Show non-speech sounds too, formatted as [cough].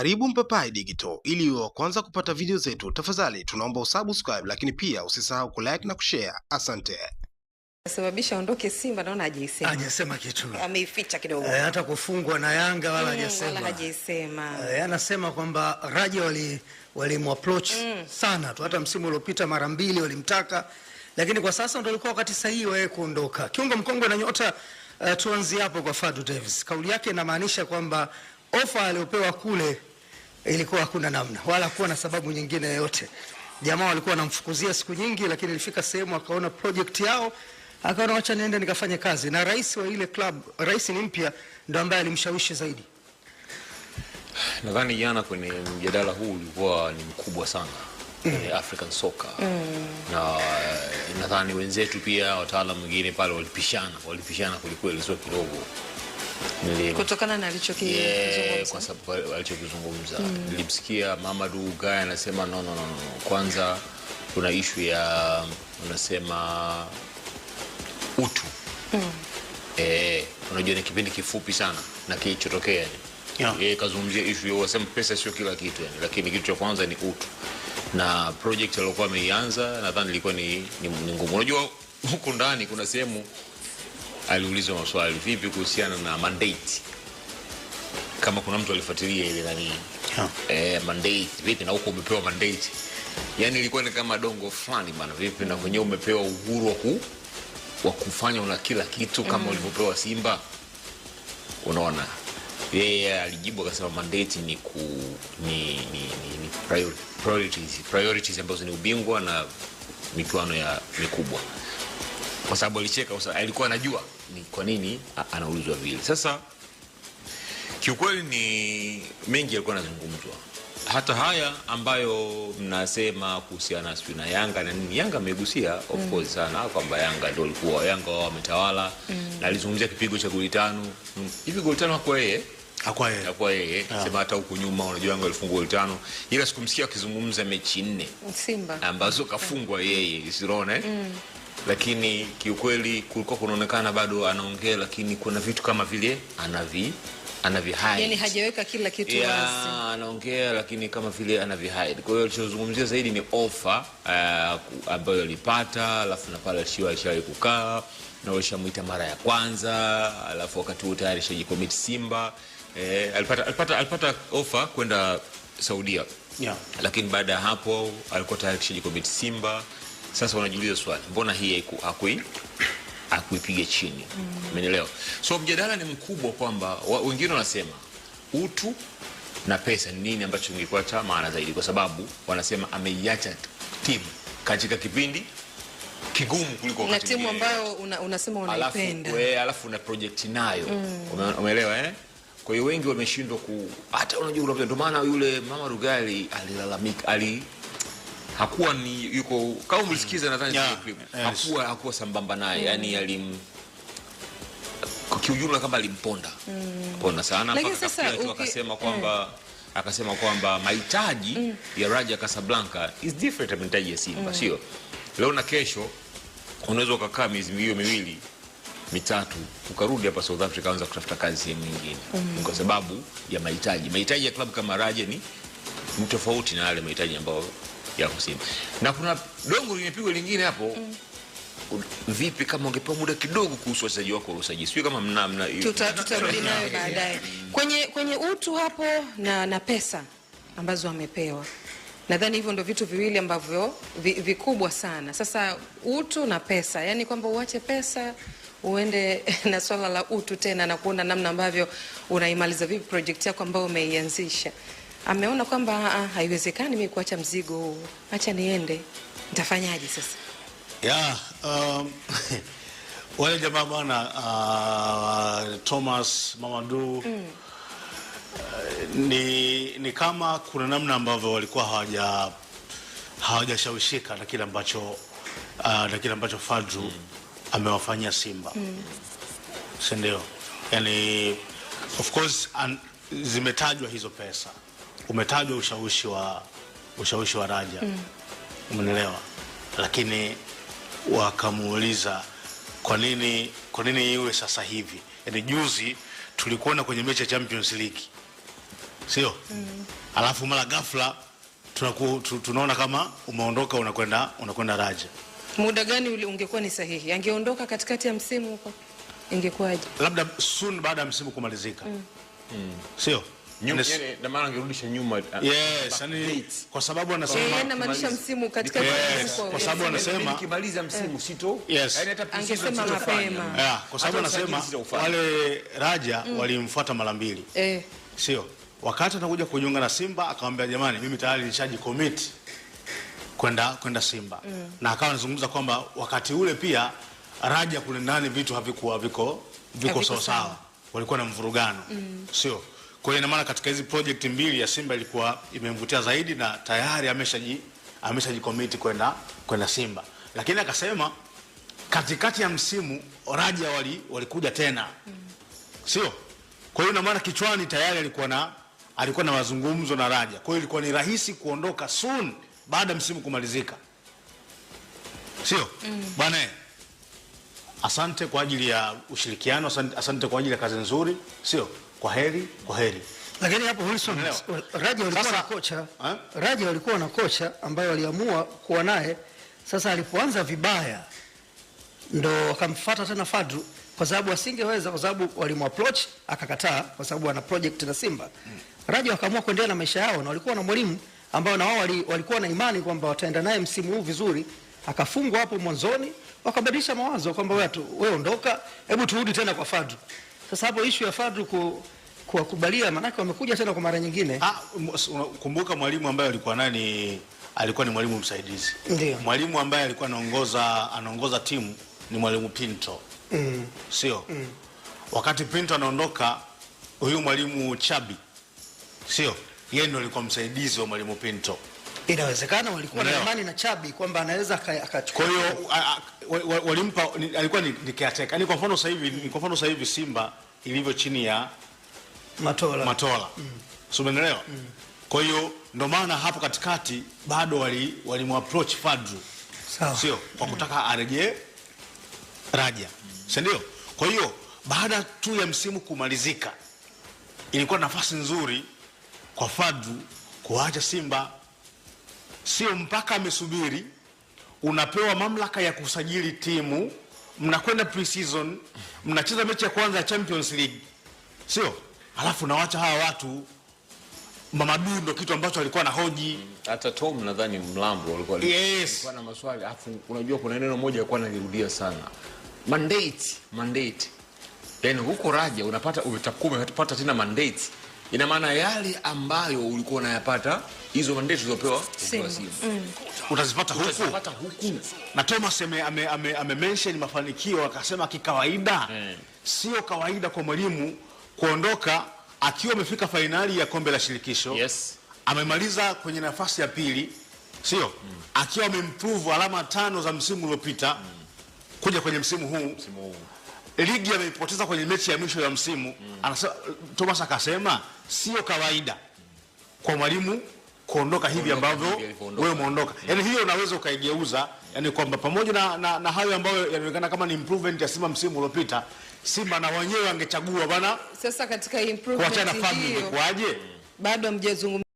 Karibu Mpapai Digital, ili uwe wa kwanza kupata video zetu, tafadhali tunaomba usubscribe, lakini pia usisahau kulike na kushare. Asante. Sababisha ondoke Simba, naona hajisema, Hajisema kitu, ameificha kidogo e, hata kufungwa na Yanga wala mm, hajisema. wala hajisema e, eh, anasema kwamba Raja wali walimapproach mm. sana tu, hata msimu uliopita mara mbili walimtaka, lakini kwa sasa ndio alikuwa wakati sahihi wa yeye kuondoka. Kiungo mkongwe na nyota uh, tuanzie hapo kwa Fadu Davis, kauli yake inamaanisha kwamba ofa aliyopewa kule ilikuwa hakuna namna, wala hakuwa na sababu nyingine yoyote. Jamaa walikuwa wanamfukuzia siku nyingi, lakini ilifika sehemu akaona project yao, akaona wacha niende nikafanye kazi. Na rais wa ile club, rais ni mpya, ndo ambaye alimshawishi zaidi. Nadhani jana kwenye mjadala huu ulikuwa ni mkubwa sana mm. Eh, African soccer mm. na eh, nadhani wenzetu pia wataalamu wengine pale walipishana, walipishana kwelikweli, sio kidogo kutokana na alichokizungumza yeah, kwa sababu mm. mama Mamadou anasema no, no, no, no. Kwanza kuna ishu ya unasema utu mm. e, unajua ni kipindi kifupi sana na kilichotokea yeah. kazungumzia ishu hiyo, wasema pesa sio kila kitu yani, lakini kitu cha kwanza ni utu na project aliyokuwa ameianza nadhani ilikuwa ni, ni, ni ngumu. Unajua huku ndani kuna sehemu aliulizwa maswali vipi kuhusiana na mandate, kama kuna mtu alifuatilia ile nani huh. eh, mandate vipi na huko umepewa mandate, yani ilikuwa ni kama dongo fulani bana, vipi na wenyewe umepewa uhuru wa ku wa kufanya una kila kitu kama mm. ulivyopewa Simba, unaona yeye yeah, alijibu akasema mandate ni ku ni, ni, ni, ni priorities priorities ambazo ni ubingwa na michuano ya mikubwa kwa sababu alicheka, alikuwa anajua ni kwa nini anaulizwa vile. Sasa kiukweli ni mengi yalikuwa yanazungumzwa, hata haya ambayo mnasema kuhusiana sijui na Yanga na nini. Yanga amegusia of mm. course sana kwamba Yanga ndio alikuwa Yanga wao wametawala, mm. na alizungumzia kipigo cha goli tano mm. hivi. mm. Goli tano hakuwa yeye hakuwa yeye hakuwa yeye, ah. sema hata huku nyuma, unajua Yanga alifungwa goli tano, ila sikumsikia akizungumza mechi nne Simba ambazo kafungwa yeye, Isirone lakini kiukweli kulikuwa kunaonekana bado anaongea, lakini kuna vitu kama vile anavi hide, Yani hajaweka kila kitu yeah, Anaongea lakini kama vile hide. Kwa hiyo alichozungumzia zaidi ni offer uh, ambayo alipata, alafu na pale alishawahi kukaa na alishamuita mara ya kwanza, alafu wakati huo tayari shajikomit Simba. Eh, alipata alipata alipata offer kwenda Saudia. Yeah. Lakini baada ya hapo alikuwa tayari kishajikomit Simba sasa unajiuliza swali, mbona hii akuipiga chini? Mm. Umeelewa? Mm. So mjadala ni mkubwa kwamba wengine wanasema utu na pesa ni nini ambacho kingekuwa cha maana zaidi, kwa sababu wanasema ameiacha timu katika kipindi kigumu kuliko na timu ambayo una, unasema unaipenda wewe, alafu una project nayo mm. Umeelewa eh? Kwa hiyo wengi wameshindwa ku hata unajua, ndio maana yule mama Rugali alilalamika ali hakuwa ni yuko kama mm. nadhani yeah. clip hakuwa hakuwa sambamba naye mm. yani alim kwa kiujumla kama alimponda mm. ponda sana mpaka sasa uki... akasema mm. kwamba mm akasema kwamba mahitaji mm. ya Raja Casablanca is different na mahitaji ya Simba, mm. sio leo na kesho. Unaweza ukakaa miezi hiyo miwili mitatu ukarudi hapa South Africa anza kutafuta kazi sehemu nyingine mm. kwa sababu ya mahitaji. Mahitaji ya klabu kama Raja ni tofauti na yale mahitaji ambayo ya kusini. Na kuna dongo limepigwa lingine hapo mm. Vipi kama ungepewa muda kidogo kuhusu wachezaji wako waliosajili, sio kama mna mna tutarudi nayo baadaye kwenye kwenye utu hapo na, na pesa ambazo wamepewa. Nadhani hivyo ndio vitu viwili ambavyo vi, vikubwa sana. Sasa utu na pesa, yani kwamba uache pesa uende [laughs] na swala la utu tena na kuona namna ambavyo unaimaliza vipi project yako ambayo umeianzisha ameona kwamba ah, ah, haiwezekani mimi kuacha mzigo huu, acha niende, nitafanyaje sasa? Yeah, um, [laughs] wale jamaa bwana uh, Thomas Mamadu mm. Uh, ni, ni kama kuna namna ambavyo walikuwa hawaja hawajashawishika na kile ambacho uh, na kile ambacho Fadru mm. amewafanyia Simba mm. si ndio? Yani, of course an, zimetajwa hizo pesa umetajwa ushawishi wa, ushawishi wa Raja mm. umenielewa, lakini wakamuuliza kwa nini, kwa nini iwe sasa hivi? Yaani juzi tulikuona kwenye mechi ya Champions League sio? mm. Alafu mara ghafla tunaku, tunaona kama umeondoka unakwenda unakwenda Raja. Muda gani ungekuwa ni sahihi? Angeondoka katikati ya msimu huko ingekuwaje? Labda soon baada ya msimu kumalizika mm. mm. sio? Uh, kwa sababu anasema eh, wale Raja mm. walimfuata mara mbili. Eh. Sio. Wakati anakuja kujiunga na Simba akamwambia jamani, mimi tayari nishaji commit kwenda kwenda Simba. Mm. Na akawa anazungumza kwamba wakati ule pia Raja kule ndani vitu havikuwa viko viko Walikuwa na mvurugano. Mm. Sio. Kwa hiyo ina maana katika hizi project mbili ya Simba ilikuwa imemvutia zaidi na tayari ameshaji ameshajikomiti kwenda kwenda Simba, lakini akasema katikati ya msimu Raja wali walikuja tena, sio? Kwa hiyo ina maana kichwani tayari alikuwa na alikuwa na mazungumzo na Raja, kwa hiyo ilikuwa ni rahisi kuondoka soon baada ya msimu kumalizika, sio mm. bwana? Asante kwa ajili ya ushirikiano, asante, asante kwa ajili ya kazi nzuri, sio? kwa heri, kwa heri. Lakini hapo Wilson, Radio alikuwa na kocha, eh? Radio alikuwa na kocha ambaye aliamua kuwa naye. Sasa alipoanza vibaya ndo akamfuata tena Fadru kwa sababu asingeweza, kwa sababu walimu approach akakataa, kwa sababu ana project na Simba. hmm. Radio akaamua kuendelea na maisha yao, na walikuwa na mwalimu ambao na wao walikuwa na imani kwamba wataenda naye msimu huu vizuri. Akafungwa hapo mwanzoni, wakabadilisha mawazo kwamba wewe tu wewe ondoka, hebu turudi tena kwa Fadru. Sasa hapo ishu ya Fadlu ku kuwakubalia manake wamekuja tena kwa mara nyingine. Ah, kumbuka mwalimu ambaye alikuwa nani, alikuwa ni mwalimu msaidizi. Ndio. Mwalimu ambaye alikuwa anaongoza anaongoza timu ni mwalimu Pinto. Mm. Sio? Mm. Wakati Pinto anaondoka huyu mwalimu Chabi. Sio? Yeye ndio alikuwa msaidizi wa mwalimu Pinto. Inawezekana walikuwa na imani na Chabi kwamba anaweza akachukua. Kwa hiyo walimpa, alikuwa ni caretaker. Yaani kwa mfano sasa hivi, kwa mfano sasa hivi Simba ilivyo chini ya Matola. Matola. Mm. Sio umeelewa? Mm. Kwa hiyo ndo maana hapo katikati bado wali walimapproach Fadru. Sawa. Sio kwa mm. kutaka mm. arejee Raja. Si ndio? Kwa hiyo baada tu ya msimu kumalizika ilikuwa nafasi nzuri kwa Fadru kuacha Simba sio mpaka amesubiri, unapewa mamlaka ya kusajili timu, mnakwenda pre-season, mnacheza mechi ya kwanza ya Champions League, sio alafu nawacha hawa watu Mamadu ndo kitu ambacho alikuwa na hoji mm, hata Tom nadhani Mlambo alikuwa alikuwa yes. na maswali afu unajua kuna neno moja alikuwa analirudia sana mandate mandate, yani huko Raja unapata umetakuma unapata tena mandate Ina maana yale ambayo ulikuwa unayapata hizo mandate ulizopewa mm. utazipata huku, utazipata huku. Na Thomas ame, ame, ame mention mafanikio akasema kikawaida mm. Sio kawaida kwa mwalimu kuondoka akiwa amefika fainali ya kombe la shirikisho yes. Amemaliza kwenye nafasi ya pili sio mm. Akiwa amemprove alama tano za msimu uliopita mm. Kuja kwenye msimu huu, msimu huu ligi ameipoteza kwenye mechi ya mwisho ya msimu mm. Anasema Thomas akasema sio kawaida kwa mwalimu kuondoka hivi ambavyo wewe umeondoka, yani hiyo unaweza ukaigeuza, yani kwamba pamoja na, na, na hayo ambayo yanaonekana kama ni improvement ya Simba msimu uliopita, Simba na wenyewe angechagua bana. Sasa katika improvement hiyo kwaje bado mjazungumza